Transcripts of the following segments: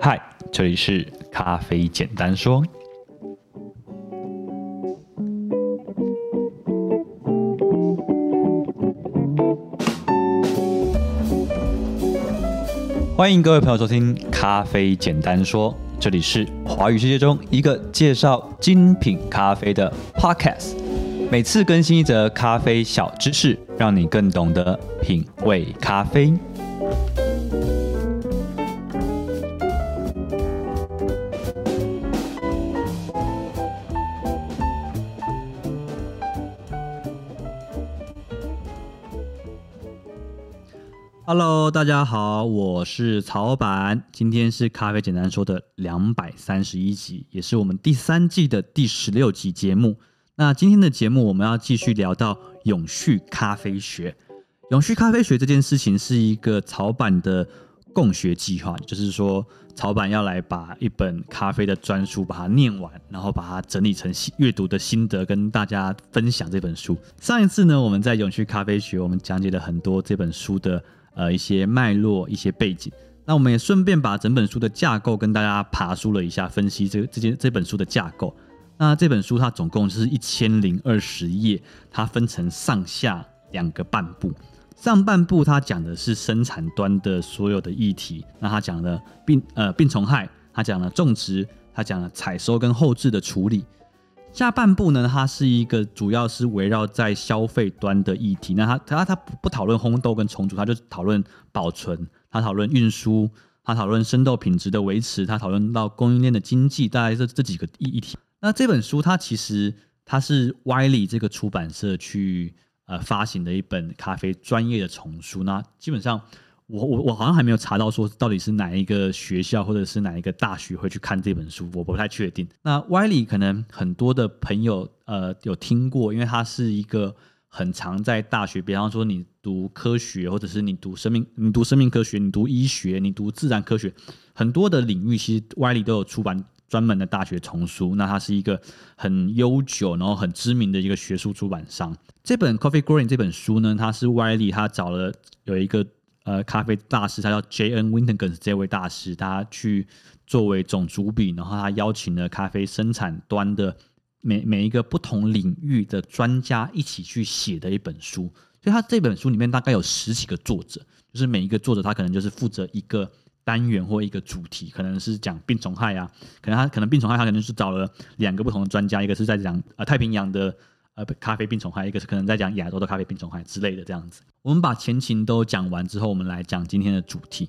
嗨，這裡是咖啡簡單說。歡迎各位朋友收聽《咖啡簡單說》，這裡是華語世界中一個介紹精品咖啡的 podcast，每次更新一則咖啡小知識，讓你更懂得品味咖啡。Hello，大家好，我是草闆，今天是《咖啡簡單說》的兩百三十一集，也是我們第三季的第十六集節目。那今天的節目，我們要繼續聊到永續咖啡學《永續咖啡學》。《永續咖啡學》這件事情是一個草闆的共學計劃，就是說草闆要來把一本咖啡的專書把它念完，然後把它整理成閱讀的心得，跟大家分享這本書。上一次呢，我們在《永續咖啡學》，我們講解了很多這本書的。呃，一些脈絡、一些背景，那我們也順便把整本書的架構跟大家爬梳了一下，分析這這些這本書的架構。那這本書它總共是一千零二十頁，它分成上下兩個半部。上半部它講的是生產端的所有的議題，那它講了病呃病蟲害，它講了種植，它講了採收跟後製的處理。下半部呢，它是一個主要是圍繞在消費端的議題。那它它它不不討論烘豆跟重組，它就討論保存，它討論運輸，它討論生豆品質的維持，它討論到供應鏈的經濟，大概這這幾個議題。那這本書它其實它是 Wiley 這個出版社去呃發行的一本咖啡專業的叢書。那基本上。我我我好像還沒有查到說到底是哪一個學校，或者是哪一個大學，會去看這本書，我不太確定。那 Y 理可能很多的朋友呃有聽過，因為它是一個很常在大學，比方說你讀科學或者是你讀生命，你讀生命科學，你讀醫學，你讀自然科學，很多的領域其實 Y 理都有出版專門的大學叢書。那它是一個很悠久然後很知名的一個學術出版商。這本 Coffee Green 這本書呢，它是 Y 理，找了有一個。呃，咖啡大師他叫 J. N. Wintgens，這位大師他去作為總主筆，然後他邀請了咖啡生產端的每每一個不同領域的專家一起去寫的一本書。所以他這本書裡面大概有十幾個作者，就是每一個作者他可能就是負責一個單元或一個主題，可能是講病蟲害啊，可能他可能病蟲害他可能是找了兩個不同的專家，一個是在講呃太平洋的。呃，咖啡病蟲害，一個是可能在講亞洲的咖啡病蟲害之類的這樣子。我們把前情都講完之後，我們來講今天的主題。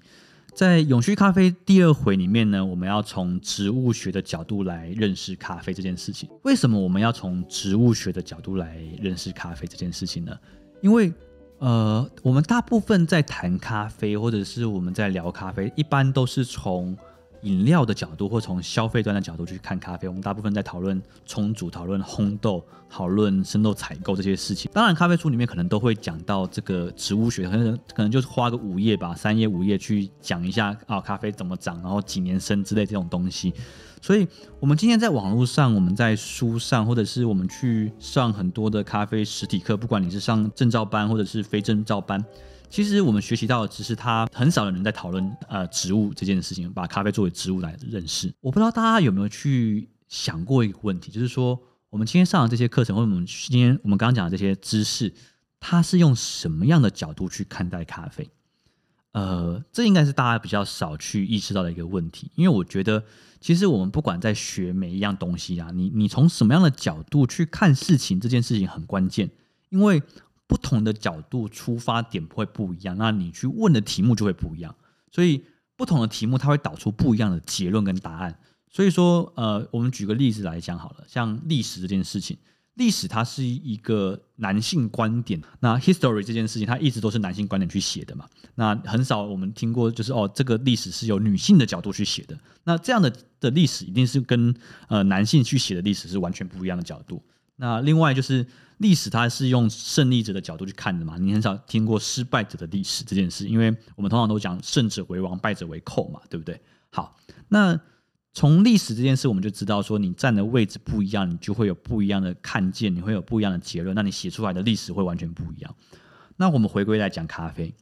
在永續咖啡第二回裡面呢，我們要從植物學的角度來認識咖啡這件事情。為什麼我們要從植物學的角度來認識咖啡這件事情呢？因為呃，我們大部分在談咖啡，或者是我們在聊咖啡，一般都是從。飲料的角度，或從消費端的角度去看咖啡，我們大部分在討論沖煮，討論烘豆，討論生豆採購這些事情。當然，咖啡書裡面可能都會講到這個植物學，可能可能就是花個五頁吧，三頁五頁去講一下啊，咖啡怎麼長，然後幾年生之類這種東西。所以，我們今天在網絡上，我們在書上，或者是我們去上很多的咖啡實體課，不管你是上證照班或者是非證照班。其實我們學習到的，只是他很少有人在討論呃，植物這件事情，把咖啡作為植物來認識。我不知道大家有沒有去想過一個問題，就是說我們今天上的這些課程，或者我們今天我們剛剛講的這些知識，它是用什麼樣的角度去看待咖啡？呃，這應該是大家比較少去意識到的一個問題。因為我覺得，其實我們不管在學每一樣東西啊，你你從什麼樣的角度去看事情，這件事情很關鍵，因為不同的角度出發點會不一樣，那你去問的題目就會不一樣，所以不同的題目它會導出不一樣的結論跟答案。所以說，呃，我們舉個例子來講好了，像歷史這件事情，歷史它是一個男性觀點，那 history 這件事情它一直都是男性觀點去寫的嘛，那很少我們聽過就是哦，這個歷史是由女性的角度去寫的，那這樣的的歷史一定是跟呃男性去寫的歷史是完全不一樣的角度。那另外就是歷史，它是用勝利者的角度去看的嘛，你很少聽過失敗者的歷史這件事，因為我們通常都講勝者為王，敗者為寇嘛，對不對？好，那從歷史這件事，我們就知道說，你站的位置不一樣，你就會有不一樣的看見，你會有不一樣的結論，那你寫出來的歷史會完全不一樣。那我們回歸來講，咖啡，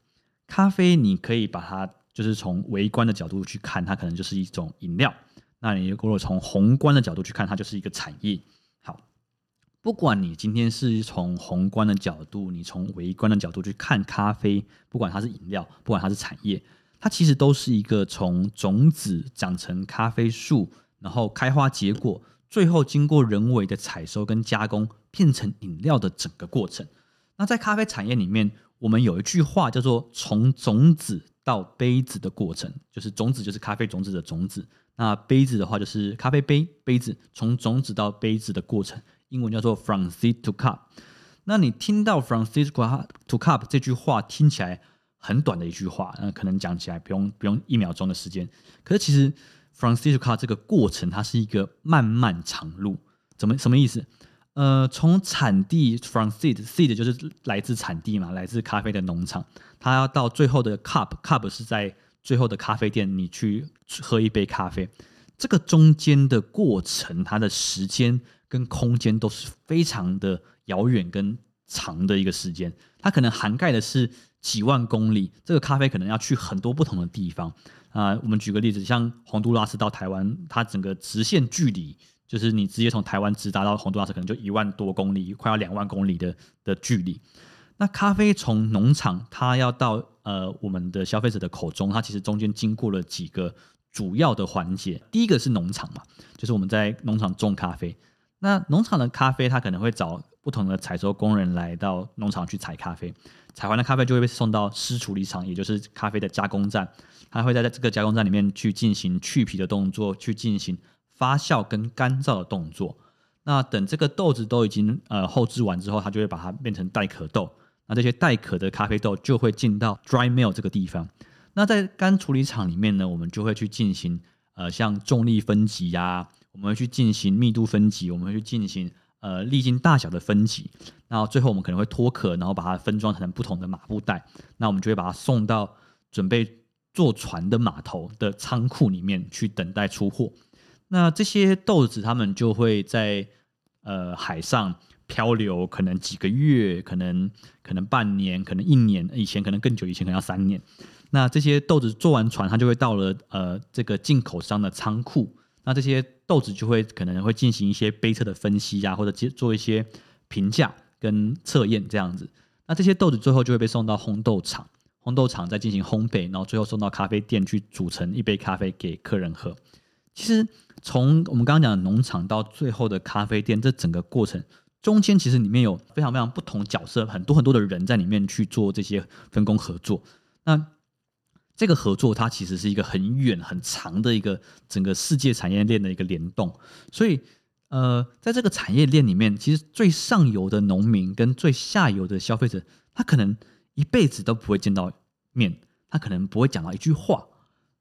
咖啡你可以把它就是從微觀的角度去看，它可能就是一種飲料；那你如果從宏觀的角度去看，它就是一個產業。不管你今天是從宏觀的角度，你從微觀的角度去看咖啡，不管它是飲料，不管它是產業，它其實都是一個從種子長成咖啡樹，然後開花結果，最後經過人為的採收跟加工，變成飲料的整個過程。那在咖啡產業裡面，我們有一句話叫做“從種子到杯子”的過程，就是種子就是咖啡種子的種子，那杯子的話就是咖啡杯杯子，從種子到杯子的過程。英文叫做 from seed to cup。那你聽到 from seed to cup 這句話聽起來很短的一句話，那可能講起來不用不用一秒鐘的時間。可是其實 from seed to cup 這個過程它是一個漫漫長路。怎麼什麼意思？呃，從產地 from seed，seed seed 就是來自產地嘛，來自咖啡的農場。它要到最後的 cup，cup cup 是在最後的咖啡店，你去喝一杯咖啡。這個中間的過程，它的時間跟空間都是非常的遙遠跟長的一個時間，它可能涵蓋的是幾萬公里。這個咖啡可能要去很多不同的地方啊、呃。我們舉個例子，像洪都拉斯到台灣，它整個直線距離就是你直接從台灣直達到洪都拉斯，可能就一萬多公里，快要兩萬公里的的距離。那咖啡從農場，它要到呃我們的消費者的口中，它其實中間經過了幾個主要的環節，第一個是農場嘛，就是我們在農場種咖啡。那農場的咖啡，它可能會找不同的採收工人來到農場去採咖啡，採完的咖啡就會被送到濕處理廠，也就是咖啡的加工站。它會在在這個加工站裡面去進行去皮的動作，去進行發酵跟乾燥的動作。那等這個豆子都已經呃後製完之後，它就會把它變成帶殼豆。那這些帶殼的咖啡豆就會進到 dry mill 這個地方。那在乾處理廠裡面呢，我們就會去進行呃，像重力分級呀、啊，我們會去進行密度分級，我們會去進行呃粒徑大小的分級，然後最後我們可能會脫殼，然後把它分裝成不同的麻布袋，那我們就會把它送到準備坐船的碼頭的倉庫裡面去等待出貨。那這些豆子他們就會在呃海上漂流，可能幾個月，可能可能半年，可能一年，以前可能更久，以前可能要三年。那這些豆子坐完船，它就會到了呃這個進口商的倉庫。那這些豆子就會可能會進行一些杯測的分析呀、啊，或者做一些評價跟測驗這樣子。那這些豆子最後就會被送到烘豆廠，烘豆廠再進行烘焙，然後最後送到咖啡店去煮成一杯咖啡給客人喝。其實從我們剛剛講的農場到最後的咖啡店，這整個過程中間其實裡面有非常非常不同角色，很多很多的人在裡面去做這些分工合作。那這個合作它其實是一個很遠很長的一個整個世界產業鏈的一個聯動，所以呃，在這個產業鏈裡面，其實最上游的農民跟最下游的消費者，他可能一輩子都不會見到面，他可能不會講到一句話。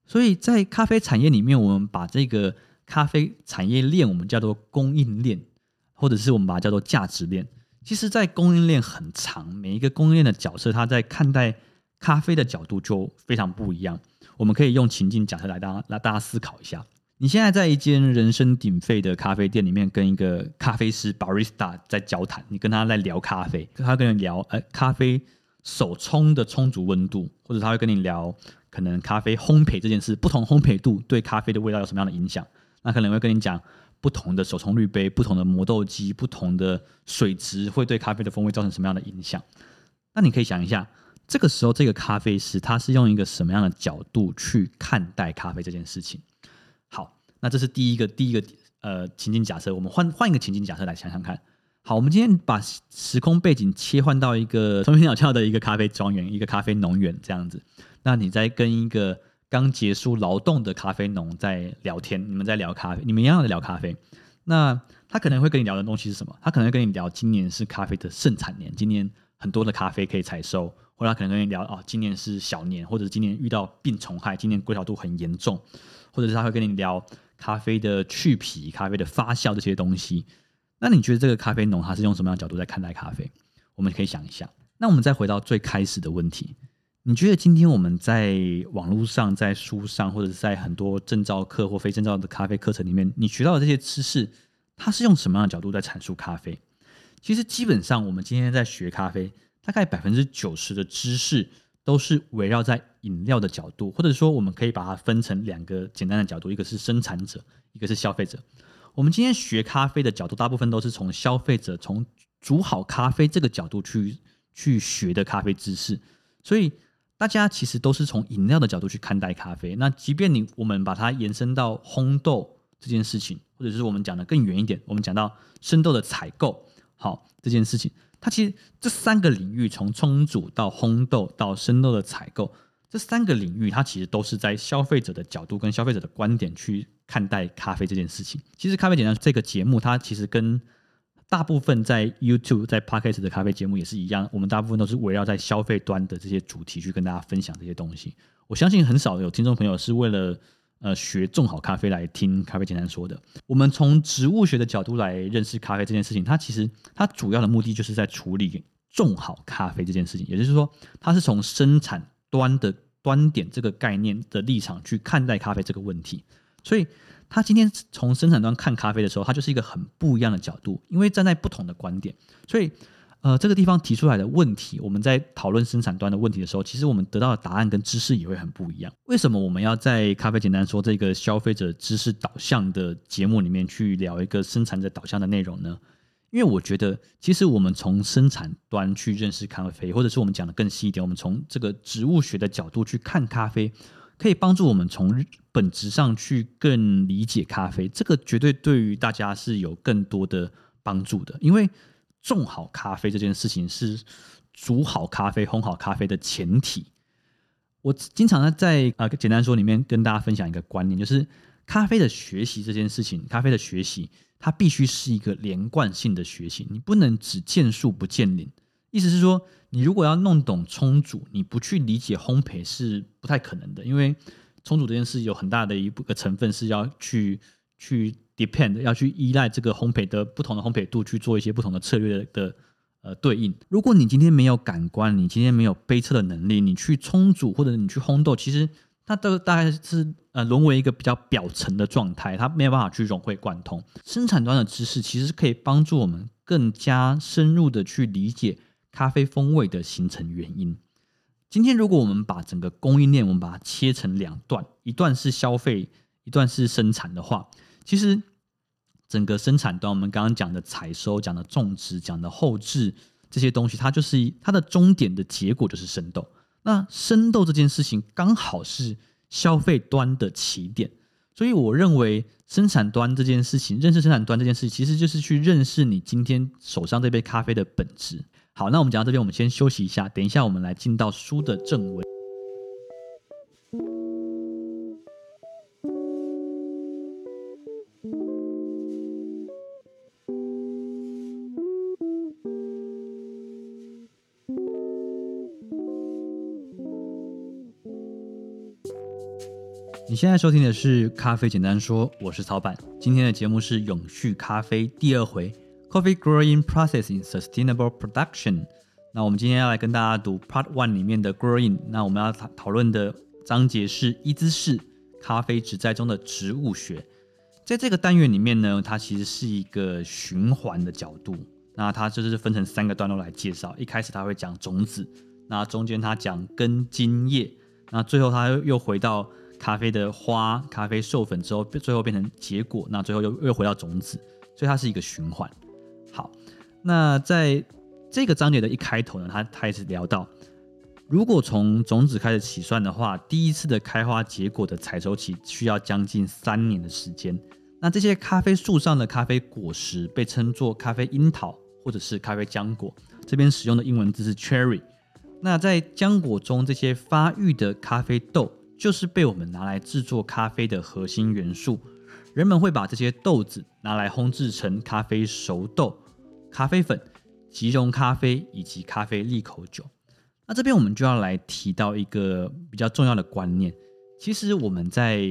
所以在咖啡產業裡面，我們把這個咖啡產業鏈我們叫做供應鏈，或者是我們把它叫做價值鏈。其實，在供應鏈很長，每一個供應鏈的角色，他在看待。咖啡的角度就非常不一樣。我們可以用情境假設來，大家來大家思考一下。你現在在一間人聲鼎沸的咖啡店裡面，跟一個咖啡師 barista 在交談，你跟他在聊咖啡，他跟你聊，哎、呃，咖啡手沖的充足溫度，或者他會跟你聊，可能咖啡烘焙這件事，不同烘焙度對咖啡的味道有什麼樣的影響？那可能會跟你講，不同的手沖濾杯、不同的磨豆機、不同的水質會對咖啡的風味造成什麼樣的影響？那你可以想一下。這個時候，這個咖啡師他是用一個什麼樣的角度去看待咖啡這件事情？好，那這是第一個第一個呃情景假設。我們換換一個情景假設來想想看。好，我們今天把時空背景切換到一個從小巧的一個咖啡莊園、一個咖啡農園這樣子。那你在跟一個剛結束勞動的咖啡農在聊天，你們在聊咖啡，你們一樣，樣的聊咖啡。那他可能會跟你聊的東西是什麼？他可能會跟你聊，今年是咖啡的盛產年，今年很多的咖啡可以採收。或者他可能跟你聊哦，今年是小年，或者今年遇到病蟲害，今年果小蠹很嚴重，或者是他會跟你聊咖啡的去皮、咖啡的發酵這些東西。那你覺得這個咖啡農他是用什麼樣的角度在看待咖啡？我們可以想一下。那我們再回到最開始的問題，你覺得今天我們在網絡上、在書上，或者是在很多證照課或非證照的咖啡課程裡面，你學到的這些知識，它是用什麼樣的角度在闡述咖啡？其實基本上，我們今天在學咖啡。大概百分之九十的知識都是圍繞在飲料的角度，或者說我們可以把它分成兩個簡單的角度，一個是生產者，一個是消費者。我們今天學咖啡的角度，大部分都是從消費者，從煮好咖啡這個角度去去學的咖啡知識，所以大家其實都是從飲料的角度去看待咖啡。那即便你我們把它延伸到烘豆這件事情，或者是我們講得更遠一點，我們講到生豆的採購，好，這件事情。它其實這三個領域，從沖煮到烘豆到生豆的採購，這三個領域，它其實都是在消費者的角度跟消費者的觀點去看待咖啡這件事情。其實咖啡簡單說這個節目，它其實跟大部分在 YouTube 在 Podcast 的咖啡節目也是一樣，我們大部分都是圍繞在消費端的這些主題去跟大家分享這些東西。我相信很少有聽眾朋友是為了。呃，學種好咖啡來聽咖啡簡單說的。我們從植物學的角度來認識咖啡這件事情，它其實它主要的目的就是在處理種好咖啡這件事情。也就是說，它是從生產端的端點這個概念的立場去看待咖啡這個問題。所以，他今天從生產端看咖啡的時候，他就是一個很不一樣的角度，因為站在不同的觀點，所以。呃，這個地方提出來的問題，我們在討論生產端的問題的時候，其實我們得到的答案跟知識也會很不一樣。為什麼我們要在《咖啡簡單說》這個消費者知識導向的節目裡面去聊一個生產者導向的內容呢？因為我覺得，其實我們從生產端去認識咖啡，或者是我們講得更細一點，我們從這個植物學的角度去看咖啡，可以幫助我們從本質上去更理解咖啡。這個絕對對於大家是有更多的幫助的，因為。種好咖啡這件事情是煮好咖啡、烘好咖啡的前提。我經常在啊、呃、簡單說裡面跟大家分享一個觀念，就是咖啡的學習這件事情，咖啡的學習它必須是一個連貫性的學習，你不能只見樹不見林。意思是說，你如果要弄懂沖煮，你不去理解烘焙是不太可能的，因為沖煮這件事有很大的一部個成分是要去去。depend 要去依賴這個烘焙的不同的烘焙度去做一些不同的策略的,的呃對應。如果你今天沒有感官，你今天沒有杯測的能力，你去沖煮或者你去烘豆，其實它都大概是呃淪為一個比較表層的狀態，它沒有辦法去融會貫通。生產端的知識其實是可以幫助我們更加深入的去理解咖啡風味的形成原因。今天如果我們把整個供應鏈我們把它切成兩段，一段是消費，一段是生產的話。其實，整個生產端，我們剛剛講的採收、講的種植、講的後置這些東西，它就是它的終點的結果，就是生豆。那生豆這件事情，剛好是消費端的起點。所以，我認為生產端這件事情，認識生產端這件事情，其實就是去認識你今天手上這杯咖啡的本質。好，那我們講到這邊，我們先休息一下，等一下我們來進到書的正文。你現在收聽的是《咖啡簡單說》，我是草闆。今天的節目是《永續咖啡》第二回，《Coffee Growing Processing Sustainable Production》。那我們今天要來跟大家讀 Part One 裡面的 Growing。那我們要討討論的章節是一直是咖啡植栽中的植物學。在這個單元裡面呢，它其實是一個循環的角度。那它就是分成三個段落來介紹。一開始它會講種子，那中間它講根莖葉，那最後它又回到。咖啡的花，咖啡授粉之後，最後變成結果，那最後又又回到種子，所以它是一個循環。好，那在這個章節的一開頭呢，他他也是聊到，如果從種子開始起算的話，第一次的開花結果的採收期需要將近三年的時間。那這些咖啡樹上的咖啡果實被稱作咖啡櫻桃或者是咖啡漿果，這邊使用的英文字是 cherry。那在漿果中，這些發育的咖啡豆。就是被我們拿來製作咖啡的核心元素。人們會把這些豆子拿來烘製成咖啡熟豆、咖啡粉、即溶咖啡以及咖啡利口酒。那這邊我們就要來提到一個比較重要的觀念。其實我們在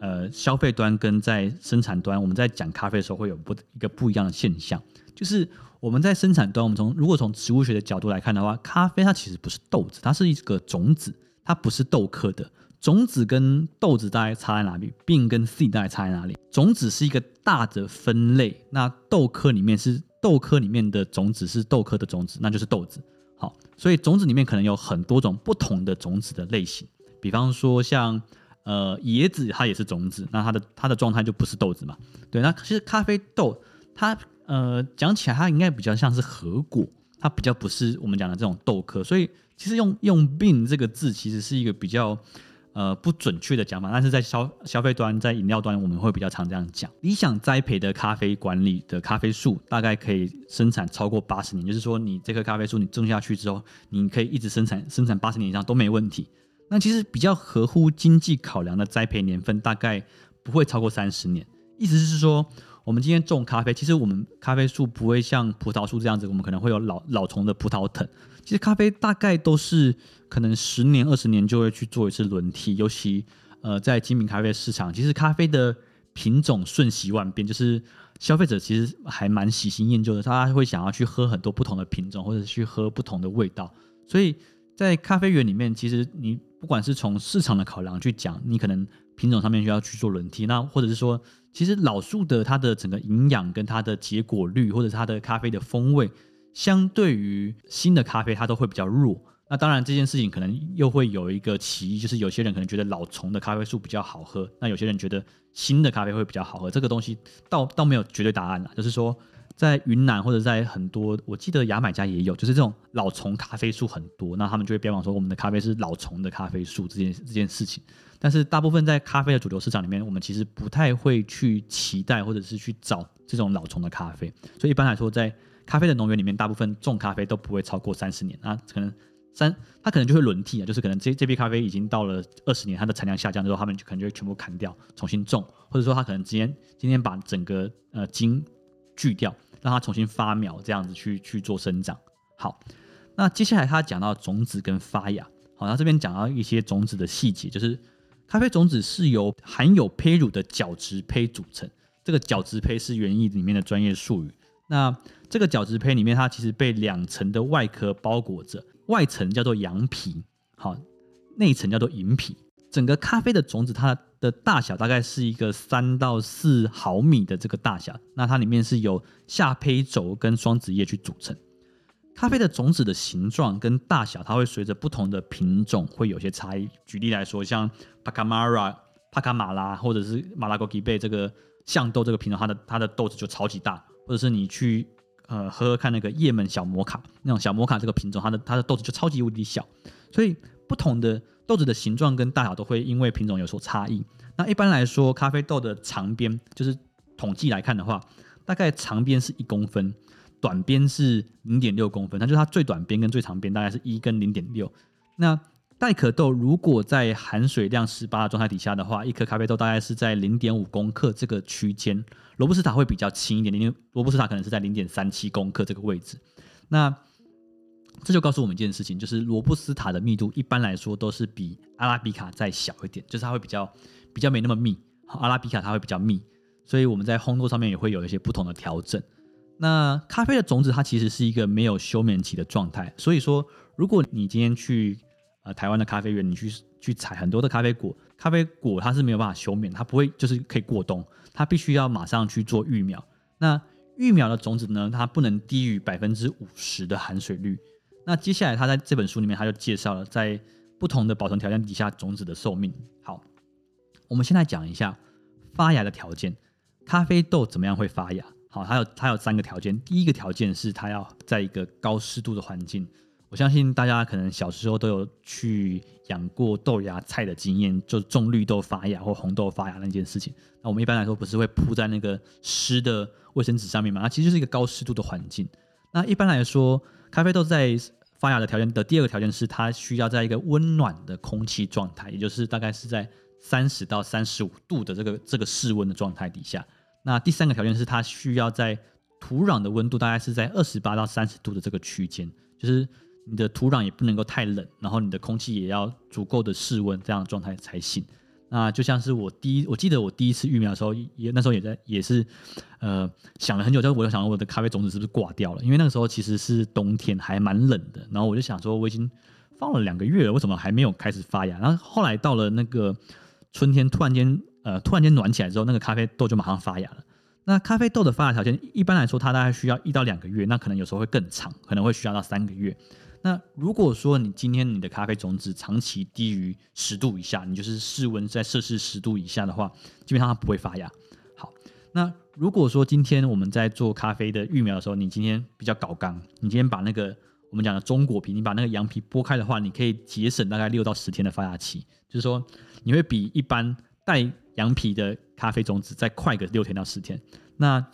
呃消費端跟在生產端，我們在講咖啡的時候會有不一個不一樣的現象，就是我們在生產端，我們從如果從植物學的角度來看的話，咖啡它其實不是豆子，它是一個種子，它不是豆科的。種子跟豆子大概差在哪裡？bean 跟 seed 大概差在哪裡？種子是一個大的分類，那豆科裡面是豆科裡面的種子是豆科的種子，那就是豆子。好，所以種子裡面可能有很多種不同的種子的類型，比方說像呃椰子，它也是種子，那它的它的狀態就不是豆子嘛。對，那其實咖啡豆它呃講起來它應該比較像是核果，它比較不是我們講的這種豆科，所以其實用用 bean 這個字其實是一個比較。呃，不準確的講法，但是在消消費端，在飲料端，我們會比較常這樣講。理想栽培的咖啡管理的咖啡樹，大概可以生產超過八十年，就是說，你這棵咖啡樹你種下去之後，你可以一直生產，生產八十年以上都沒問題。那其實比較合乎經濟考量的栽培年份，大概不會超過三十年。意思是說。我們今天種咖啡，其實我們咖啡樹不會像葡萄樹這樣子，我們可能會有老老蟲的葡萄藤。其實咖啡大概都是可能十年、二十年就會去做一次輪替，尤其呃在精品咖啡市場，其實咖啡的品種瞬息萬變，就是消費者其實還蠻喜新厭舊的，他會想要去喝很多不同的品種，或者去喝不同的味道。所以在咖啡園裡面，其實你不管是從市場的考量去講，你可能品種上面就要去做輪替，那或者是說。其實老樹的它的整個營養跟它的結果率，或者是它的咖啡的風味，相對於新的咖啡，它都會比較弱。那當然這件事情可能又會有一個歧義，就是有些人可能覺得老欉的咖啡樹比較好喝，那有些人覺得新的咖啡會比較好喝。這個東西倒倒沒有絕對答案啦，就是說在雲南或者在很多，我記得牙買加也有，就是這種老欉咖啡樹很多，那他們就會標榜說我們的咖啡是老欉的咖啡樹這件這件事情。但是大部分在咖啡的主流市場裡面，我們其實不太會去期待或者是去找這種老叢的咖啡。所以一般來說，在咖啡的農園裡面，大部分種咖啡都不會超過三十年啊，那可能三，它可能就會輪替啊，就是可能這這批咖啡已經到了二十年，它的產量下降之後，他們可能就會全部砍掉，重新種，或者說它可能今天今天把整個呃莖鋸掉，讓它重新發苗，這樣子去去做生長。好，那接下來他講到種子跟發芽，好，那這邊講到一些種子的細節，就是。咖啡種子是由含有胚乳的角質胚組成。這個角質胚是園藝裡面的專業術語。那這個角質胚裡面，它其實被兩層的外殼包裹着，外層叫做羊皮，好，內層叫做銀皮。整個咖啡的種子，它的大小大概是一個三到四毫米的這個大小。那它裡面是由下胚軸跟雙子葉去組成。咖啡的種子的形狀跟大小，它會隨着不同的品種會有些差異。舉例來說，像帕卡瑪拉、帕卡瑪拉，或者是馬拉戈基貝這個象豆這個品種，它的它的豆子就超級大；或者是你去呃喝喝看那個葉門小摩卡那種小摩卡這個品種，它的它的豆子就超級無敵小。所以，不同的豆子的形狀跟大小都會因為品種有所差異。那一般來說，咖啡豆的長邊就是統計來看的話，大概長邊是一公分，短邊是零點六公分，那就是它最短邊跟最長邊大概是一跟零點六。那帶殼豆如果在含水量十八的狀態底下的話，一顆咖啡豆大概是在零點五公克這個區間。羅布斯塔會比較輕一點，因為羅布斯塔可能是在零點三七公克這個位置。那這就告訴我們一件事情，就是羅布斯塔的密度一般來說都是比阿拉比卡再小一點，就是它會比較比較沒那麼密，好，阿拉比卡它會比較密，所以我們在烘豆上面也會有一些不同的調整。那咖啡的種子它其實是一個沒有休眠期的狀態，所以說如果你今天去呃台灣的咖啡園，你去去採很多的咖啡果，咖啡果它是沒有辦法休眠，它不會就是可以過冬，它必須要馬上去做育苗。那育苗的種子呢，它不能低於百分之五十的含水率。那接下來他在這本書裡面他就介紹了在不同的保存條件底下種子的壽命。好，我們先來講一下發芽的條件，咖啡豆怎麼樣會發芽？好，它有它有三個條件。第一個條件是它要在一個高濕度的環境。我相信大家可能小時候都有去養過豆芽菜的經驗，就種綠豆發芽或紅豆發芽那件事情。那我們一般來說不是會鋪在那個濕的衛生紙上面嘛，那其實就是一個高濕度的環境。那一般來說，咖啡豆在發芽的條件的第二個條件是，它需要在一個溫暖的空氣狀態，也就是大概是在三十到三十五度的這個這個室溫的狀態底下。那第三個條件是，它需要在土壤的溫度大概是在二十八到三十度的這個區間，就是你的土壤也不能夠太冷，然後你的空氣也要足夠的室溫，這樣的狀態才行。那就像是我第一，我記得我第一次育苗的時候，也那時候也在，也是，呃，想了很久，但是我就想我的咖啡種子是不是掛掉了，因為那個時候其實是冬天，還蠻冷的。然後我就想說，我已經放了兩個月了，為什麼還沒有開始發芽？然後後來到了那個春天，突然間。呃，突然間暖起來之後，那個咖啡豆就馬上發芽了。那咖啡豆的發芽條件，一般來說，它大概需要一到兩個月，那可能有時候會更長，可能會需要到三個月。那如果說你今天你的咖啡種子長期低於十度以下，你就是室溫在攝氏十度以下的話，基本上它不會發芽。好，那如果說今天我們在做咖啡的育苗的時候，你今天比較搞剛，你今天把那個我們講的中果皮，你把那個羊皮剝開的話，你可以節省大概六到十天的發芽期，就是說你會比一般帶羊皮的咖啡種子再快個六天到十天，那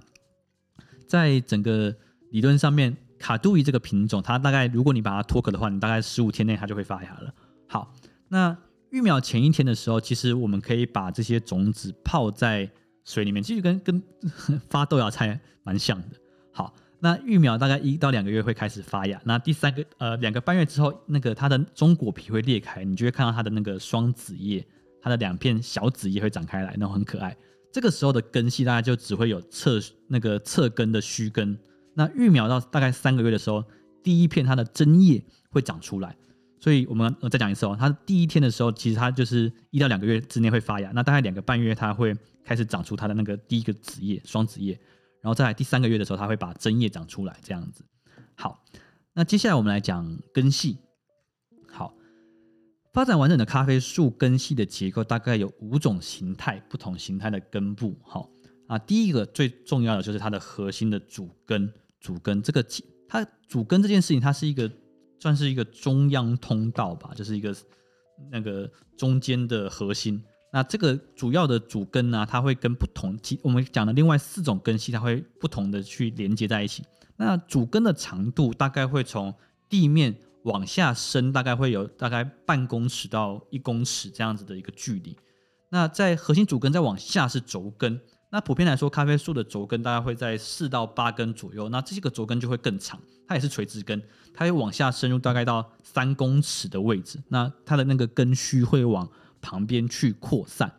在整個理論上面，卡杜伊這個品種，它大概如果你把它脫殼的話，你大概十五天內它就會發芽了。好，那育苗前一天的時候，其實我們可以把這些種子泡在水裡面，其實跟跟呵呵發豆芽菜蠻像的。好，那育苗大概一到兩個月會開始發芽，那第三個呃兩個半月之後，那個它的中果皮會裂開，你就會看到它的那個雙子葉。它的兩片小子葉會長開來，然後很可愛。這個時候的根系，大概就只會有側那個側根的須根。那育苗到大概三個月的時候，第一片它的真葉會長出來。所以我們我再講一次哦、喔，它第一天的時候，其實它就是一到兩個月之內會發芽。那大概兩個半月，它會開始長出它的那個第一個子葉雙子葉。然後再來第三個月的時候，它會把真葉長出來，這樣子。好，那接下來我們來講根系。發展完整的咖啡樹根系的結構，大概有五種形態，不同形態的根部。好、哦、啊，第一個最重要的就是它的核心的主根。主根這個它主根這件事情，它是一個算是一個中央通道吧，就是一個那個中間的核心。那這個主要的主根呢、啊，它會跟不同我們講的另外四種根系，它會不同的去連接在一起。那主根的長度大概會從地面往下伸，大概會有大概半公尺到一公尺這樣子的一個距離。那在核心主根再往下是軸根。那普遍來說，咖啡樹的軸根大概會在四到八根左右。那這些個軸根就會更長，它也是垂直根，它會往下深入大概到三公尺的位置。那它的那個根鬚會往旁邊去擴散。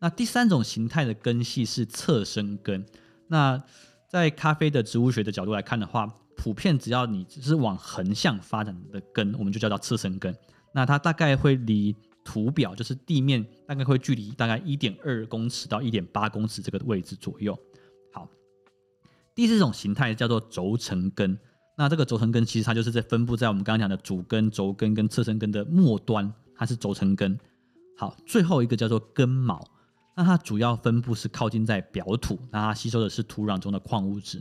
那第三種形態的根系是側生根。那在咖啡的植物學的角度來看的話，普遍只要你只是往橫向發展的根，我們就叫做側生根。那它大概會離土表，就是地面大概會距離大概一點二公尺到一點八公尺這個位置左右。好，第四種形態叫做軸承根。那這個軸承根其實它就是在分布在我們剛剛講的主根、軸根跟側生根的末端，它是軸承根。好，最後一個叫做根毛。那它主要分布是靠近在表土，那它吸收的是土壤中的礦物質。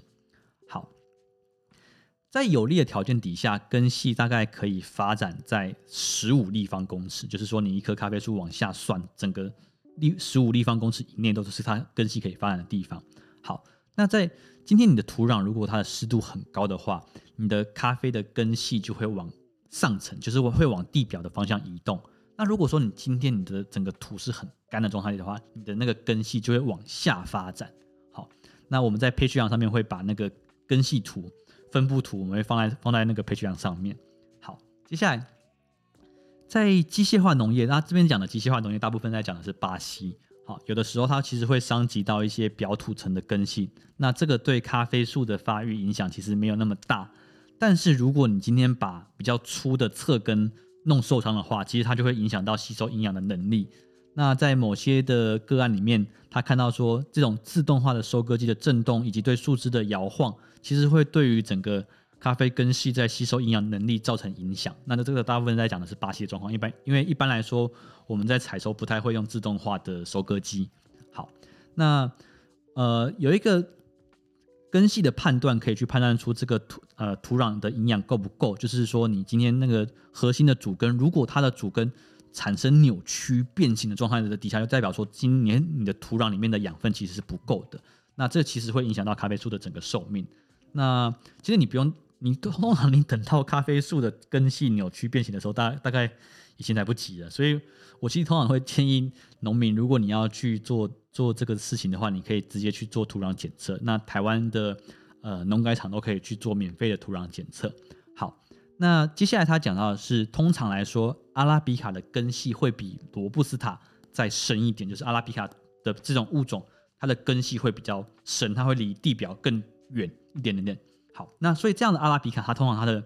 在有利的條件底下，根系大概可以發展在十五立方公尺，就是說你一棵咖啡樹往下算，整個立十五立方公尺以內都是它根系可以發展的地方。好，那在今天你的土壤如果它的濕度很高的話，你的咖啡的根系就會往上層，就是會會往地表的方向移動。那如果說你今天你的整個土是很乾的狀態的話，你的那個根系就會往下發展。好，那我們在 Patreon 上上面會把那個根系圖，分布圖我們會放在放在那個 Patreon 上面。好，接下來在機械化農業，那、啊、這邊講的機械化農業大部分在講的是巴西。好，有的時候它其實會傷及到一些表土層的根系，那這個對咖啡樹的發育影響其實沒有那麼大。但是如果你今天把比較粗的側根弄受傷的話，其實它就會影響到吸收營養的能力。那在某些的個案裡面，他看到說，這種自動化的收割機的震動以及對樹枝的搖晃。其實會對於整個咖啡根系在吸收營養能力造成影響。那這個大部分在講的是巴西的狀況。一般因為一般來說，我們在採收不太會用自動化的收割機。好，那呃有一個根系的判斷可以去判斷出這個土呃土壤的營養夠不夠，就是說你今天那個核心的主根，如果它的主根產生扭曲變形的狀態的底下，就代表說今年你的土壤裡面的養分其實是不夠的。那這其實會影響到咖啡樹的整個壽命。那其實你不用，你通常你等到咖啡樹的根系扭曲變形的時候，大大概已經來不及了。所以，我其實通常會建議農民，如果你要去做做這個事情的話，你可以直接去做土壤檢測。那台灣的呃農改場都可以去做免費的土壤檢測。好，那接下來他講到的是，通常來說，阿拉比卡的根系會比羅布斯塔再深一點，就是阿拉比卡的這種物種，它的根系會比較深，它會離地表更遠。一點點點好，那所以這樣的阿拉比卡，它通常它的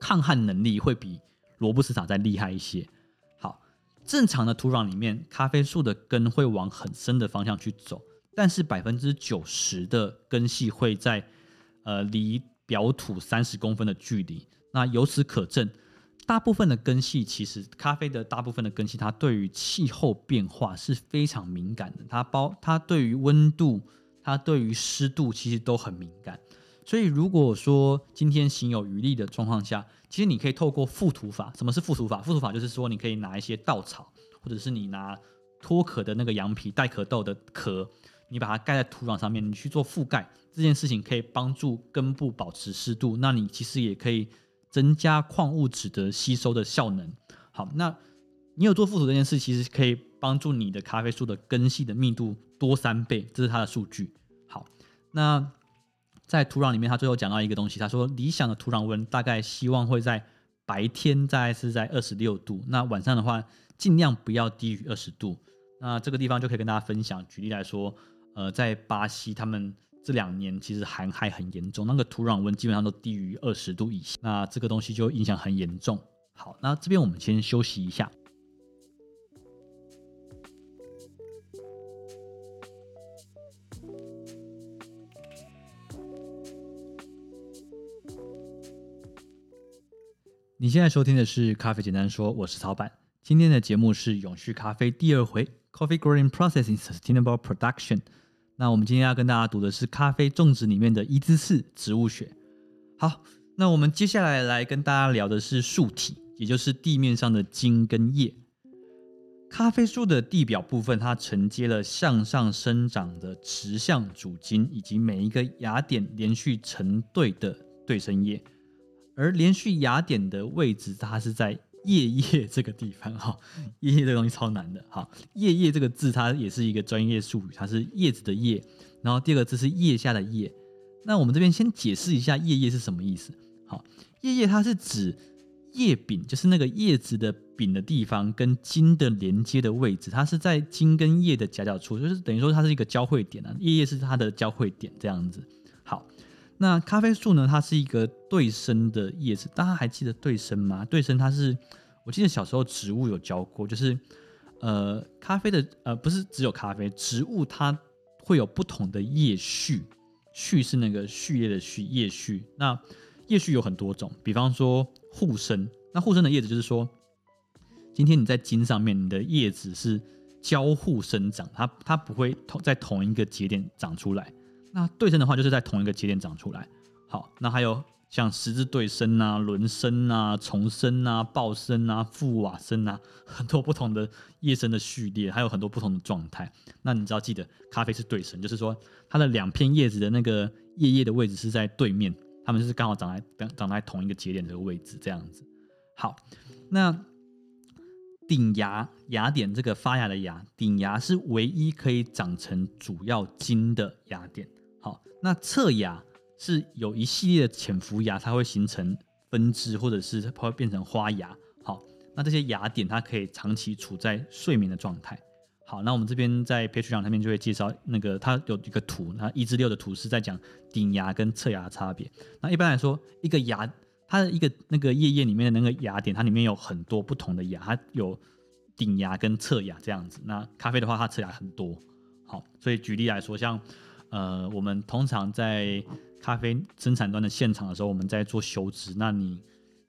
抗旱能力會比羅布斯塔再厲害一些。好，正常的土壤裡面，咖啡樹的根會往很深的方向去走，但是百分之九十的根系會在呃離表土三十公分的距離。那由此可證，大部分的根系其實咖啡的大部分的根系，它對於氣候變化是非常敏感的。它包它對於溫度。它對於濕度其實都很敏感，所以如果說今天行有餘力的狀況下，其實你可以透過覆土法。什麼是覆土法？覆土法就是說你可以拿一些稻草，或者是你拿脫殼的那個羊皮帶殼豆的殼，你把它蓋在土壤上面，你去做覆蓋這件事情，可以幫助根部保持濕度。那你其實也可以增加礦物質的吸收的效能。好，那你有做覆土這件事，其實可以幫助你的咖啡樹的根系的密度多三倍，這是他的數據。好，那在土壤裡面，他最後講到一個東西，他說理想的土壤溫大概希望會在白天，大概是在二十六度，那晚上的話盡量不要低於二十度。那這個地方就可以跟大家分享，舉例來說，呃，在巴西，他們這兩年其實寒害很嚴重，那個土壤溫基本上都低於二十度以下，那這個東西就影響很嚴重。好，那這邊我們先休息一下。你現在收聽的是《咖啡簡單說》，我是草闆。今天的節目是《永續咖啡》第二回 Coffee Growing Processing Sustainable Production。那我們今天要跟大家讀的是咖啡種植裡面的一字四植物學。好，那我們接下來來跟大家聊的是樹體，也就是地面上的莖跟葉。咖啡樹的地表部分，它承接了向上生長的直向主莖，以及每一個芽點連續成對的對生葉。而連續芽點的位置，它是在葉腋這個地方哈。葉、哦、腋這個東西超難的哈。葉、哦、腋這個字，它也是一個專業術語，它是葉子的葉，然後第二個字是腋下的腋。那我們這邊先解釋一下葉腋是什麼意思。好、哦，葉腋它是指葉柄，就是那個葉子的柄的地方跟莖的連接的位置，它是在莖跟葉的夾角處，就是等於說它是一個交匯點啊。葉腋是它的交匯點這樣子。那咖啡樹呢？它是一個對生的葉子，大家還記得對生嗎？對生它是，我記得小時候植物有教過，就是，呃，咖啡的呃，不是只有咖啡植物，它會有不同的葉序，序是那個序列的序，葉序。那葉序有很多種，比方說互生。那互生的葉子就是說，今天你在莖上面，你的葉子是交互生長，它它不會在同一個節點長出來。那對生的話，就是在同一個節點長出來。好，那還有像十字對生啊、輪生啊、重生啊、抱生啊、複瓦生啊，很多不同的葉生的序列，還有很多不同的狀態。那你只要記得，咖啡是對生，就是說它的兩片葉子的那個葉葉的位置是在對面，它們就是剛好長在長長在同一個節點的這個位置，這樣子。好，那頂芽芽點，這個發芽的芽，頂芽是唯一可以長成主要莖的芽點。好，那側芽是有一系列的潛伏芽，它會形成分支，或者是它會變成花芽。好，那這些芽點它可以長期處在睡眠的狀態。好，那我們這邊在 Patreon 上面就會介紹那個，它有一個圖，那一至六的圖是在講頂芽跟側芽的差別。那一般來說，一個芽，它的一個那個葉腋裡面的那個芽點，它裡面有很多不同的芽，它有頂芽跟側芽這樣子。那咖啡的話，它側芽很多。好，所以舉例來說，像呃，我們通常在咖啡生產端的現場的時候，我們在做修枝。那你，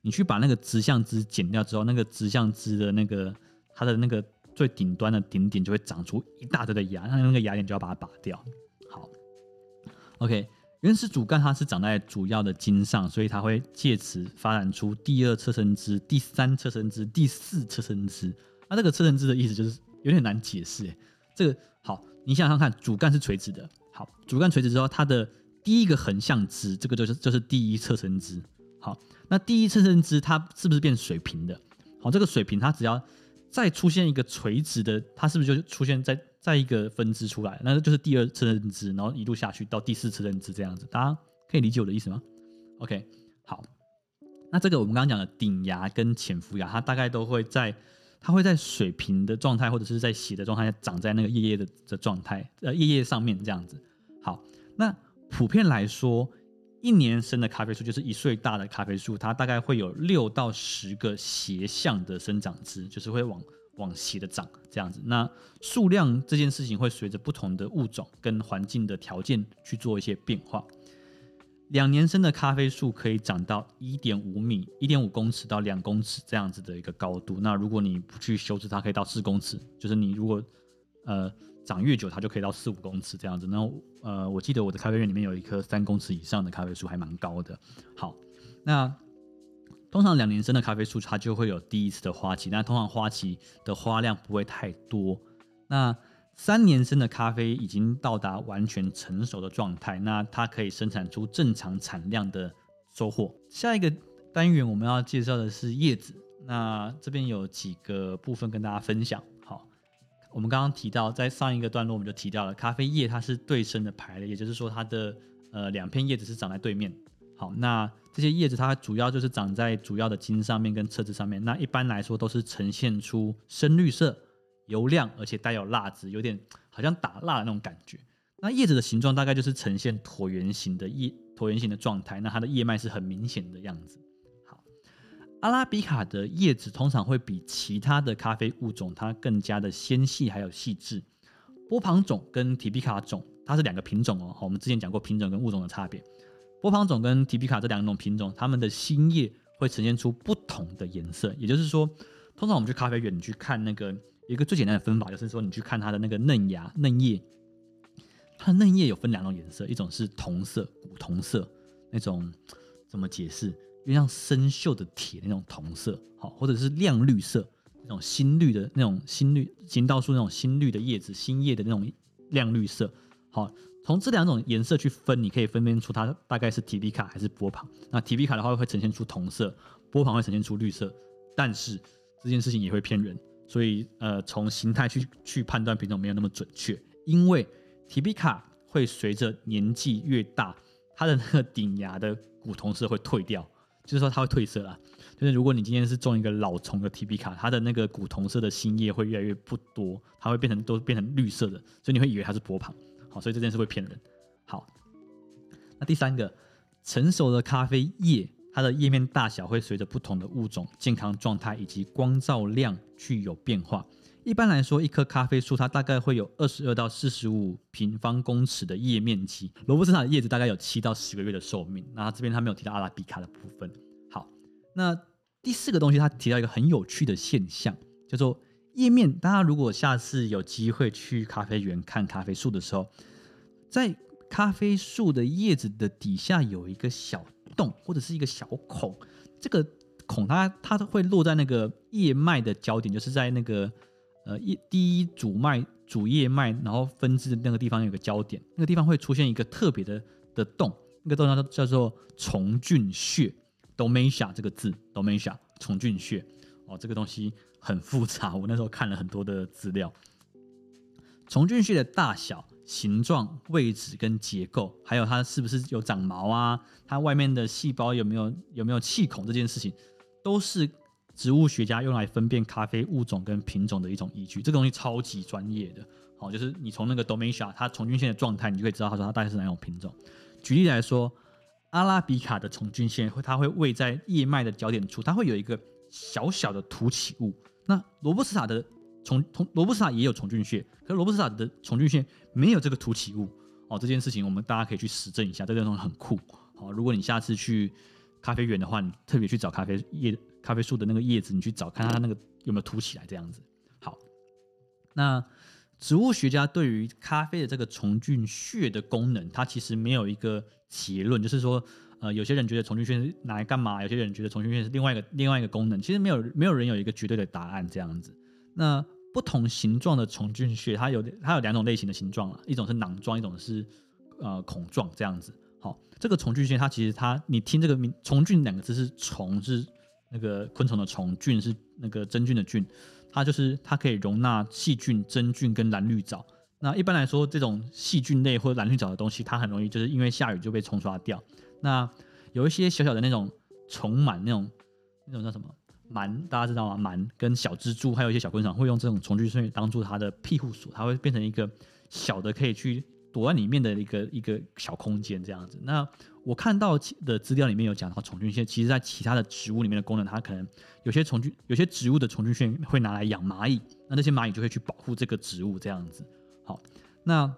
你去把那個直向枝剪掉之後，那個直向枝的那個它的那個最頂端的頂點就會長出一大堆的芽，那那個芽點就要把它拔掉。好，OK，原始主幹它是長在主要的莖上，所以它會借此發展出第二側生枝、第三側生枝、第四側生枝。那、啊、這個側生枝的意思就是有點難解釋，哎，這個好，你想想看，主幹是垂直的。好，主幹垂直之後，它的第一個橫向枝，這個就是就是第一側生枝。好，那第一側生枝它是不是變水平的？好，這個水平它只要再出現一個垂直的，它是不是就出現在再一個分支出來？那就是第二側生枝，然後一路下去到第四側生枝這樣子，大家可以理解我的意思嗎？OK，好，那這個我們剛剛講的頂芽跟潛伏芽，它大概都會在。它會在水平的狀態，或者是在斜的狀態下長在那個葉腋的的狀態，呃，葉腋上面這樣子。好，那普遍來說，一年生的咖啡樹就是一歲大的咖啡樹，它大概會有六到十個斜向的生長枝，就是會往往斜的長這樣子。那數量這件事情會隨着不同的物種跟環境的條件去做一些變化。兩年生的咖啡樹可以長到一點五米，一點五公尺到兩公尺這樣子的一個高度。那如果你不去修枝，它可以到四公尺，就是你如果呃長越久，它就可以到四五公尺這樣子。那呃，我記得我的咖啡園裡面有一棵三公尺以上的咖啡樹，還蠻高的。好，那通常兩年生的咖啡樹它就會有第一次的花期，但通常花期的花量不會太多。那三年生的咖啡已經到達完全成熟的狀態，那它可以生產出正常產量的收穫。下一個單元我們要介紹的是葉子，那這邊有幾個部分跟大家分享。好，我們剛剛提到，在上一個段落我們就提到了咖啡葉，它是對生的排列，也就是說它的呃兩片葉子是長在對面。好，那這些葉子它主要就是長在主要的莖上面跟側枝上面，那一般來說都是呈現出深綠色。油亮，而且帶有蠟質，有點好像打蠟的那種感覺。那葉子的形狀大概就是呈現橢圓形的葉橢圓形的狀態。那它的葉脈是很明顯的樣子。好，阿拉比卡的葉子通常會比其他的咖啡物種它更加的纖細，還有細緻。波旁種跟提比卡種，它是兩個品種哦。我們之前講過品種跟物種的差別。波旁種跟提比卡這兩種品種，它們的新葉會呈現出不同的顏色。也就是說，通常我們去咖啡園你去看那個。一個最簡單的分法就是說，你去看它的那個嫩芽、嫩葉，它的嫩葉有分兩種顏色，一種是銅色、古銅色，那種怎麼解釋？有點像生鏽的鐵那種銅色，好，或者是亮綠色，那種新綠的那種新綠，行道樹那種新綠的葉子、新葉的那種亮綠色，好，從這兩種顏色去分，你可以分辨出它大概是提比卡還是波旁。那提比卡的話會呈現出銅色，波旁會呈現出綠色，但是這件事情也會騙人。所以，呃，從形態去去判斷品種沒有那麼準確，因為提比卡會隨着年紀越大，它的那個頂芽的古銅色會褪掉，就是說它會褪色啦。就是如果你今天是種一個老蟲的提比卡，它的那個古銅色的新葉會越來越不多，它會變成都變成綠色的，所以你會以為它是波旁。好，所以這件事會騙人。好，那第三個，成熟的咖啡葉。它的葉面大小會隨着不同的物種、健康狀態以及光照量具有變化。一般來說，一棵咖啡樹它大概會有二十二到四十五平方公尺的葉面積。羅布斯塔的葉子大概有七到十個月的壽命。那這邊他沒有提到阿拉比卡的部分。好，那第四個東西他提到一個很有趣的現象，叫做葉腋。大家如果下次有機會去咖啡園看咖啡樹的時候，在咖啡樹的葉子的底下有一個小。洞或者是一個小孔，這個孔它它會落在那個葉脈的焦點，就是在那個呃一第一主脈主葉脈，然後分支的那個地方有個焦點，那個地方會出現一個特別的的洞，那個洞叫叫做蟲菌穴，domatia 這個字，domatia 蟲菌穴，哦，這個東西很複雜，我那時候看了很多的資料，蟲菌穴的大小，形狀、位置跟結構，還有它是不是有長毛啊？它外面的細胞有沒有有沒有氣孔？這件事情都是植物學家用來分辨咖啡物種跟品種的一種依據。這個東西超級專業的，好，就是你從那個 dominia，它叢菌線的狀態，你就可以知道它說它大概是哪種品種。舉例來說，阿拉比卡的叢菌線會它會位在葉脈的焦點處，它會有一個小小的凸起物。那羅布斯塔的從從羅布斯塔也有蟲菌穴，可是羅布斯塔的蟲菌穴沒有這個突起物。哦，這件事情我們大家可以去實證一下，這個東西很酷。好、哦，如果你下次去咖啡園的話，你特別去找咖啡葉、咖啡樹的那個葉子，你去找看它那個有沒有凸起來，這樣子。好，那植物學家對於咖啡的這個蟲菌穴的功能，它其實沒有一個結論，就是說，呃，有些人覺得蟲菌穴是拿來幹嘛，有些人覺得蟲菌穴是另外一個另外一個功能，其實沒有沒有人有一個絕對的答案這樣子。那不同形狀的蟲菌穴，它有它有兩種類型的形狀了，一種是囊狀，一種是呃孔狀這樣子。好，這個蟲菌穴它其實它，你聽這個名“蟲菌”兩個字是“蟲”是那個昆蟲的蟲，“菌”是那個真菌的菌，它就是它可以容納細菌、真菌跟藍綠藻。那一般來說，這種細菌類或者藍綠藻的東西，它很容易就是因為下雨就被沖刷掉。那有一些小小的那種蟲蟎那種那種叫什麼？蟎，大家知道嗎？蟎跟小蜘蛛還有一些小昆蟲會用這種蟲菌線當做它的庇護所，它會變成一個小的可以去躲在裡面的一個一個小空間這樣子。那我看到的資料裡面有講到，蟲菌線其實在其他的植物裡面的功能，它可能有些蟲菌有些植物的蟲菌線會拿來養螞蟻，那那些螞蟻就會去保護這個植物這樣子。好，那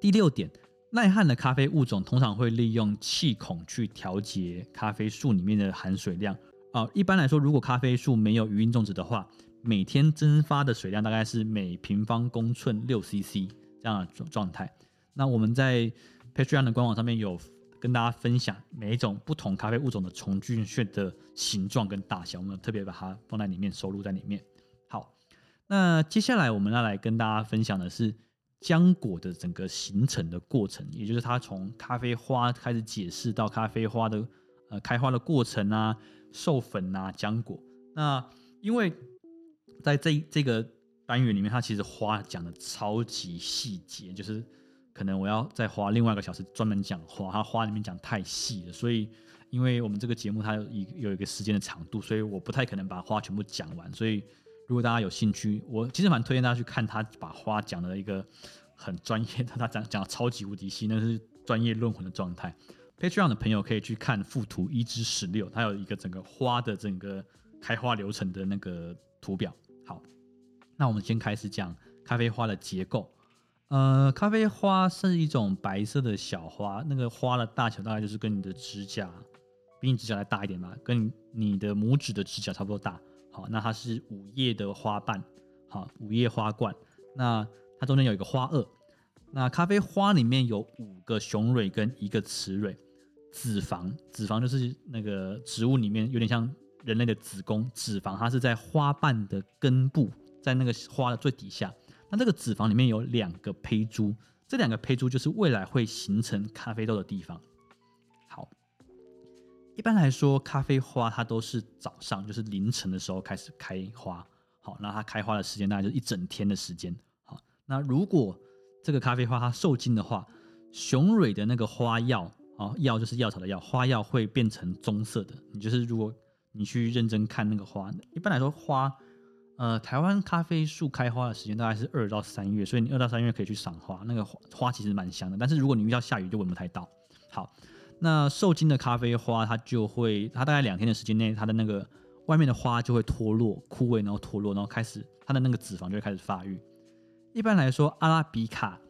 第六點，耐旱的咖啡物種通常會利用氣孔去調節咖啡樹裡面的含水量。哦，一般來說，如果咖啡樹沒有雨蔭種植的話，每天蒸發的水量大概是每平方公寸六 CC 這樣的狀狀態。那我們在 Patreon 的官網上面有跟大家分享每一種不同咖啡物種的蟲菌穴的形狀跟大小，我們特別把它放在裡面收錄在裡面。好，那接下來我們要來跟大家分享的是漿果的整個形成的過程，也就是它從咖啡花開始解釋到咖啡花的呃開花的過程啊。授粉啊，漿果。那因為在這這個單元裡面，它其實花講的超級細節，就是可能我要再花另外一個小時專門講花，它花裡面講太細了，所以因為我們這個節目它有一有一個時間的長度，所以我不太可能把花全部講完。所以如果大家有興趣，我其實蠻推薦大家去看他把花講的一個很專業的，他講講的超級無敵細，那是專業論文的狀態。Patreon 的朋友可以去看附圖一至十六，它有一個整個花的整個開花流程的那個圖表。好，那我們先開始講咖啡花的結構。呃，咖啡花是一種白色的小花，那個花的大小大概就是跟你的指甲比你指甲還大一點吧，跟你的拇指的指甲差不多大。好，那它是五葉的花瓣，好，五葉花冠。那它中間有一個花萼。那咖啡花裡面有五個雄蕊跟一個雌蕊。子房，子房就是那個植物裡面有點像人類的子宮子房，它是在花瓣的根部，在那個花的最底下。那這個子房裡面有兩個胚珠，這兩個胚珠就是未來會形成咖啡豆的地方。好，一般來說，咖啡花它都是早上，就是凌晨的時候開始開花。好，那它開花的時間大概就一整天的時間。好，那如果這個咖啡花它受精的話，雄蕊的那個花藥。哦，藥就是藥草的藥，花藥會變成棕色的。你就是如果你去認真看那個花，一般來說花，呃，台灣咖啡樹開花的時間大概是二到三月，所以你二到三月可以去賞花。那個花花其實蠻香的，但是如果你遇到下雨就聞不太到。好，那受精的咖啡花，它就會，它大概兩天的時間內，它的那個外面的花就會脫落枯萎，然後脫落，然後開始它的那個子房就會開始發育。一般來說，阿拉比卡。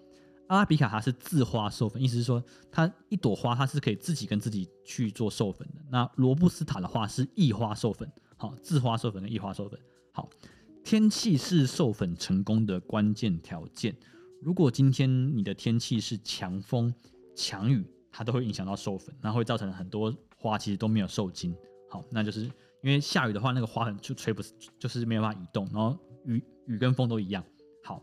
阿拉比卡它是自花授粉，意思是說它一朵花它是可以自己跟自己去做授粉的。那羅布斯塔的話是異花授粉，好，自花授粉跟異花授粉。好，天氣是授粉成功的關鍵條件。如果今天你的天氣是強風、強雨，它都會影響到授粉，那會造成很多花其實都沒有受精。好，那就是因為下雨的話，那個花粉就吹不，死，就是沒有辦法移動。然後雨雨跟風都一樣。好，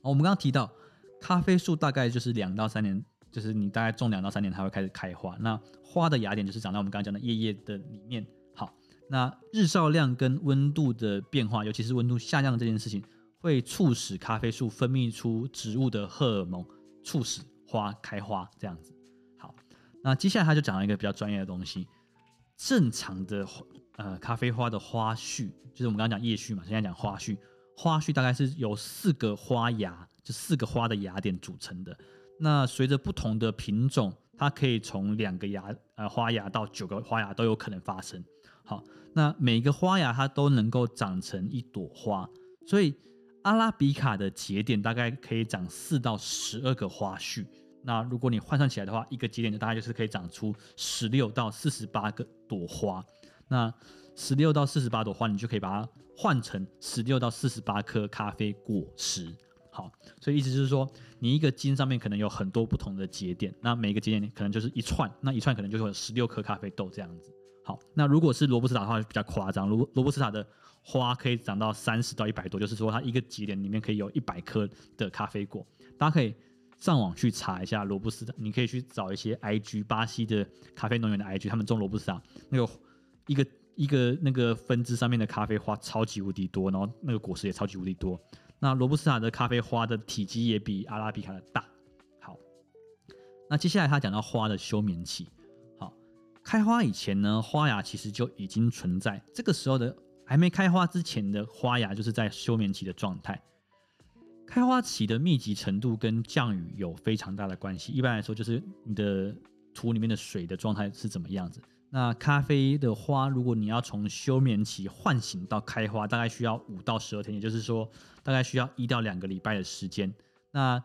好，我們剛剛提到。咖啡樹大概就是兩到三年，就是你大概種兩到三年，它會開始開花。那花的芽點就是長在我們剛剛講的葉腋的裡面。好，那日照量跟溫度的變化，尤其是溫度下降的這件事情，會促使咖啡樹分泌出植物的荷爾蒙，促使花開花這樣子。好，那接下來他就講了一個比較專業的東西，正常的呃咖啡花的花序，就是我們剛剛講葉序嘛，現在講花序，花序大概是有四個花芽。是四個花的芽點組成的。那隨着不同的品種，它可以從兩個芽呃花芽到九個花芽都有可能發生。好，那每個花芽它都能夠長成一朵花，所以阿拉比卡的節點大概可以長四到十二個花序。那如果你換算起來的話，一個節點就大概就是可以長出十六到四十八個朵花。那十六到四十八朵花，你就可以把它換成十六到四十八顆咖啡果實。好，所以意思就是說，你一個莖上面可能有很多不同的節點，那每一個節點可能就是一串，那一串可能就有十六顆咖啡豆這樣子。好，那如果是羅布斯塔的話，就比較誇張，羅羅布斯塔的花可以長到三十到一百多，就是說它一個節點裡面可以有一百顆的咖啡果。大家可以上網去查一下羅布斯塔，你可以去找一些 I G 巴西的咖啡農園的 I G，他們種羅布斯塔，那個一個一個那個分支上面的咖啡花超級無敵多，然後那個果實也超級無敵多。那羅布斯塔的咖啡花的體積也比阿拉比卡的大。好，那接下來他講到花的休眠期。好，開花以前呢，花芽其實就已經存在。這個時候的還沒開花之前的花芽就是在休眠期的狀態。開花期的密集程度跟降雨有非常大的關係。一般來說，就是你的土裡面的水的狀態是怎麼樣子？那咖啡的花，如果你要從休眠期喚醒到開花，大概需要五到十二天，也就是說，大概需要一到兩個禮拜的時間。那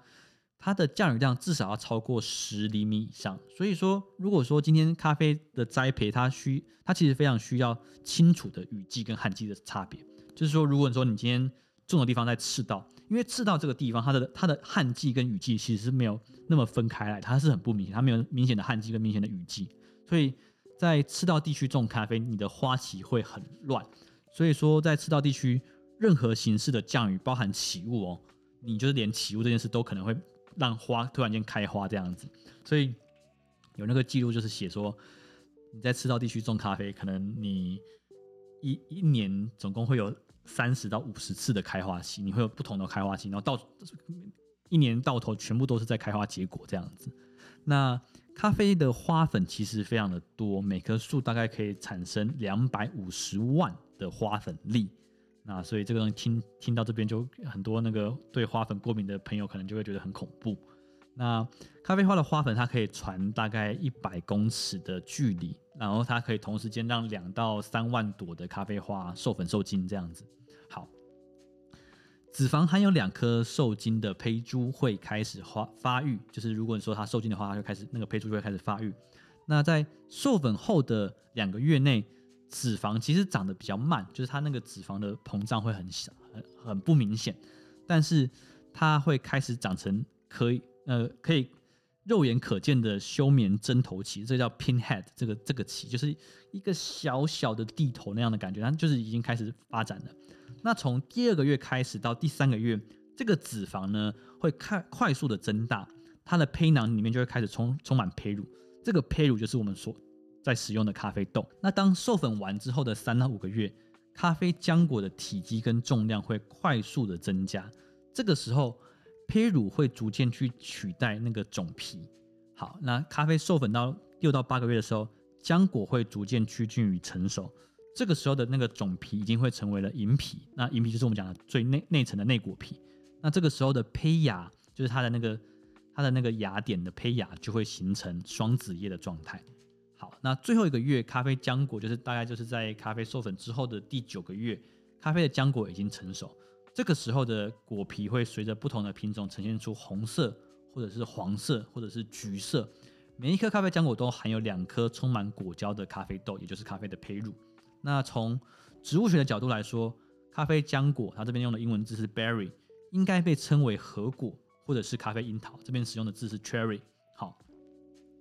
它的降雨量至少要超過十釐米以上。所以說，如果說今天咖啡的栽培，它需它其實非常需要清楚的雨季跟旱季的差別。就是說，如果你說你今天種的地方在赤道，因為赤道這個地方它，它的它的旱季跟雨季其實是沒有那麼分開來的，它是很不明顯，它沒有明顯的旱季跟明顯的雨季，所以。在赤道地區種咖啡，你的花期會很亂，所以說在赤道地區，任何形式的降雨，包含起霧哦，你就是連起霧這件事都可能會讓花突然間開花這樣子。所以有那個記錄就是寫說，你在赤道地區種咖啡，可能你一一年總共會有三十到五十次的開花期，你會有不同的開花期，然後到一年到頭全部都是在開花結果這樣子。那咖啡的花粉其實非常的多，每棵樹大概可以產生兩百五十萬的花粉粒。那所以這個東西聽聽到這邊就很多那個對花粉過敏的朋友可能就會覺得很恐怖。那咖啡花的花粉它可以傳大概一百公尺的距離，然後它可以同時間讓兩到三萬朵的咖啡花授粉受精這樣子。好。子房含有兩顆受精的胚珠會開始發發育，就是如果你說它受精的話，它就開始那個胚珠就會開始發育。那在授粉後的兩個月內，子房其實長得比較慢，就是它那個子房的膨脹會很小，很很不明顯。但是它會開始長成可以呃可以肉眼可見的休眠針頭期，這個叫 pinhead，這個這個期就是一個小小的蒂頭那樣的感覺，它就是已經開始發展了。那從第二個月開始到第三個月，這個子房呢會快快速的增大，它的胚囊裡面就會開始充充滿胚乳，這個胚乳就是我們所在使用的咖啡豆。那當授粉完之後的三到五個月，咖啡漿果的體積跟重量會快速的增加，這個時候胚乳會逐漸去取代那個種皮。好，那咖啡授粉到六到八個月的時候，漿果會逐漸趨近於成熟。這個時候的那個種皮已經會成為了銀皮，那銀皮就是我們講的最內內層的內果皮。那這個時候的胚芽，就是它的那個它的那個芽點的胚芽就會形成雙子葉的狀態。好，那最後一個月，咖啡漿果就是大概就是在咖啡授粉之後的第九個月，咖啡的漿果已經成熟。這個時候的果皮會隨着不同的品種呈現出紅色或者是黃色或者是橘色。每一顆咖啡漿果都含有兩顆充滿果膠的咖啡豆，也就是咖啡的胚乳。那從植物學的角度來說，咖啡漿果它這邊用的英文字是 berry，應該被稱為核果或者是咖啡櫻桃。這邊使用的字是 cherry。好，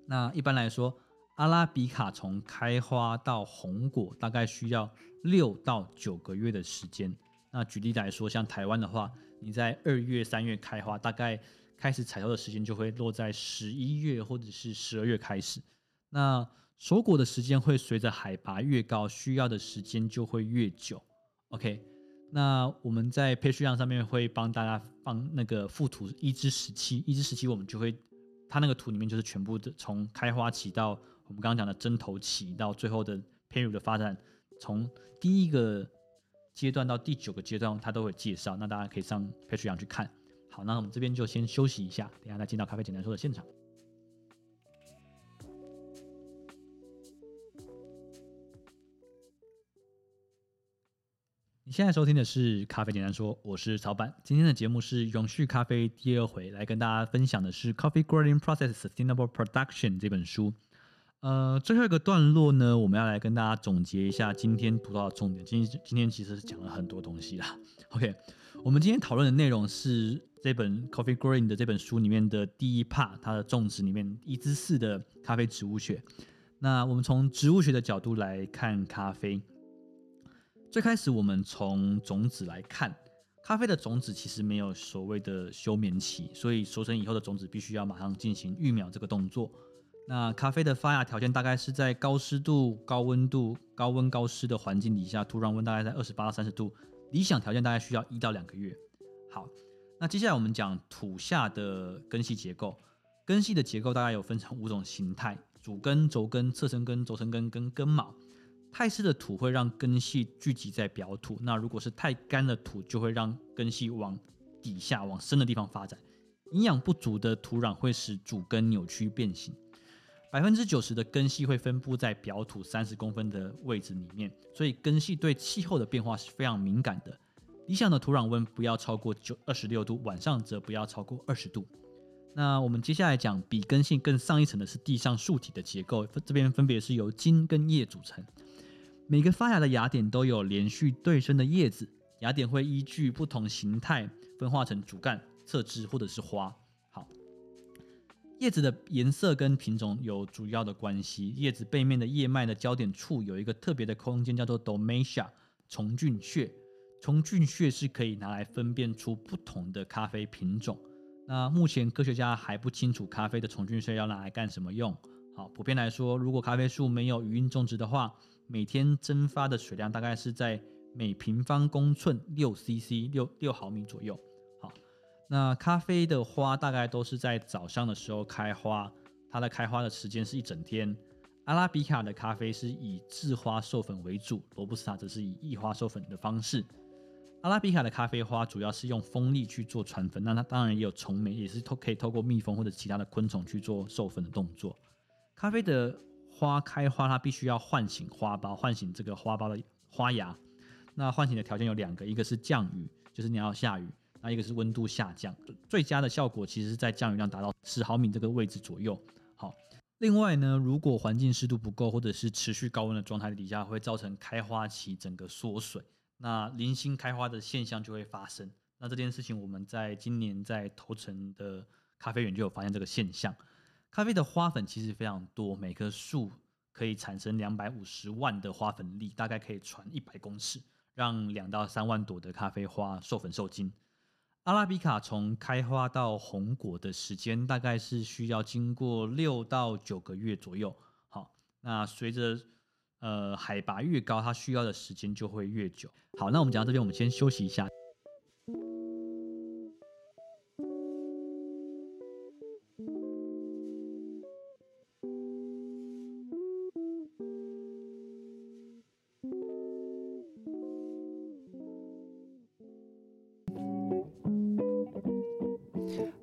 那一般來說，阿拉比卡從開花到紅果大概需要六到九個月的時間。那舉例來說，像台灣的話，你在二月三月開花，大概開始採收的時間就會落在十一月或者是十二月開始。那收果的時間會隨着海拔越高，需要的時間就會越久。OK，那我們在 Patreon 上面會幫大家放那個附圖一至十七，一至十七我們就會，它那個圖裡面就是全部的從開花期到我們剛剛講的針頭期到最後的胚乳的發展，從第一個階段到第九個階段，它都會介紹。那大家可以上 Patreon 去看。好，那我們這邊就先休息一下，等下再進到咖啡簡單說的現場。現在收聽的是《咖啡簡單說》，我是草闆。今天的節目是《永續咖啡》第二回，來跟大家分享的是《Coffee Growing Process Sustainable Production》這本書。呃，最後一個段落呢，我們要來跟大家總結一下今天讀到的重點。今天今天其實是講了很多東西啦。OK，我們今天討論的內容是這本《Coffee Growing》的這本書裡面的第一 part，它的種植裡面一至四的咖啡植物學。那我們從植物學的角度來看咖啡。最開始我們從種子來看，咖啡的種子其實沒有所謂的休眠期，所以熟成以後的種子必須要馬上進行育苗這個動作。那咖啡的發芽條件大概是在高濕度、高溫度、高溫高濕的環境底下，土壤溫大概在二十八到三十度，理想條件大概需要一到兩個月。好，那接下來我們講土下的根系結構，根系的結構大概有分成五種形態：主根、軸根、側生根、根、軸生根跟根、根、根、根毛。太濕的土會讓根系聚集在表土，那如果是太乾的土，就會讓根系往底下、往深的地方發展。營養不足的土壤會使主根扭曲變形。百分之九十的根系會分布在表土三十公分的位置裡面，所以根系對氣候的變化是非常敏感的。理想的土壤溫不要超過九二十六度，晚上則不要超過二十度。那我們接下來講比根系更上一層的是地上樹體的結構，這邊分別是由莖跟葉組成。每個發芽的芽點都有連續對生的葉子，芽點會依據不同形態分化成主幹、側枝或者是花。好，葉子的顏色跟品種有主要的關係。葉子背面的葉脈的焦點處有一個特別的空間，叫做 domacia 蟲菌穴。蟲菌穴是可以拿來分辨出不同的咖啡品種。那目前科學家還不清楚咖啡的蟲菌穴要拿來幹什麼用。好，普遍來說，如果咖啡樹沒有語音種植的話。每天蒸發的水量大概是在每平方公寸六 c c 六六毫米左右。好，那咖啡的花大概都是在早上的時候開花，它的開花的時間是一整天。阿拉比卡的咖啡是以自花授粉為主，羅布斯塔則是以異花授粉的方式。阿拉比卡的咖啡花主要是用風力去做傳粉，那它當然也有蟲媒，也是透可以透過蜜蜂或者其他的昆蟲去做授粉的動作。咖啡的。花開花它必須要喚醒花苞，喚醒這個花苞的花芽。那喚醒的條件有兩個，一個是降雨，就是你要下雨；那一個是溫度下降。最佳的效果其實是在降雨量達到十毫米這個位置左右。好，另外呢，如果環境濕度不夠，或者是持續高溫的狀態底下，會造成開花期整個縮水，那零星開花的現象就會發生。那這件事情我們在今年在頭城的咖啡園就有發現這個現象。咖啡的花粉其實非常多，每棵樹可以產生兩百五十萬的花粉粒，大概可以傳一百公尺，讓兩到三萬朵的咖啡花授粉受精。阿拉比卡從開花到紅果的時間大概是需要經過六到九個月左右。好，那隨着呃海拔越高，它需要的時間就會越久。好，那我們講到這邊，我們先休息一下。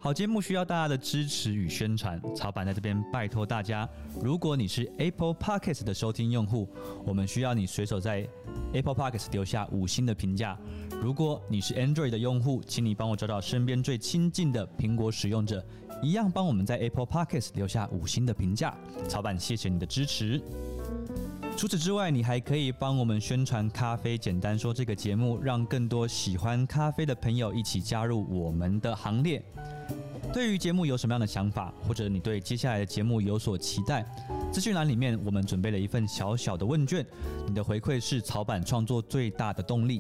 好節目需要大家的支持與宣傳，草闆在這邊拜托大家。如果你是 Apple Podcast 的收聽用戶，我們需要你隨手在 Apple Podcast 留下五星的評價。如果你是 Android 的用戶，請你幫我找找身邊最親近的蘋果使用者，一樣幫我們在 Apple Podcast 留下五星的評價。草闆，謝謝你的支持。除此之外，你還可以幫我們宣傳《咖啡簡單說》這個節目，讓更多喜歡咖啡的朋友一起加入我們的行列。對於節目有什麼樣的想法，或者你對接下來的節目有所期待？資訊欄裡面我們準備了一份小小的問卷，你的回饋是草闆創作最大的動力。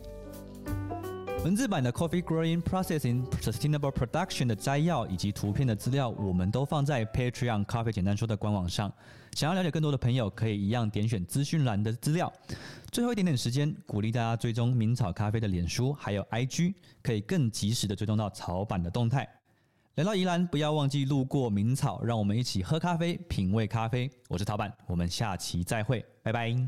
文字版的 Coffee Growing Processing Sustainable Production 的摘要以及圖片的資料，我們都放在 Patreon 咖啡簡單說的官網上。想要了解更多的朋友，可以一樣點選資訊欄的資料。最後一點點時間，鼓勵大家追蹤鳴草咖啡的臉書還有 IG，可以更及時的追蹤到草闆的動態。來到宜蘭，不要忘記路過鳴草，讓我們一起喝咖啡，品味咖啡。我是草闆，我們下期再會，拜拜。